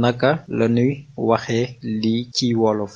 Naka lañuy waxe lii ci wolof?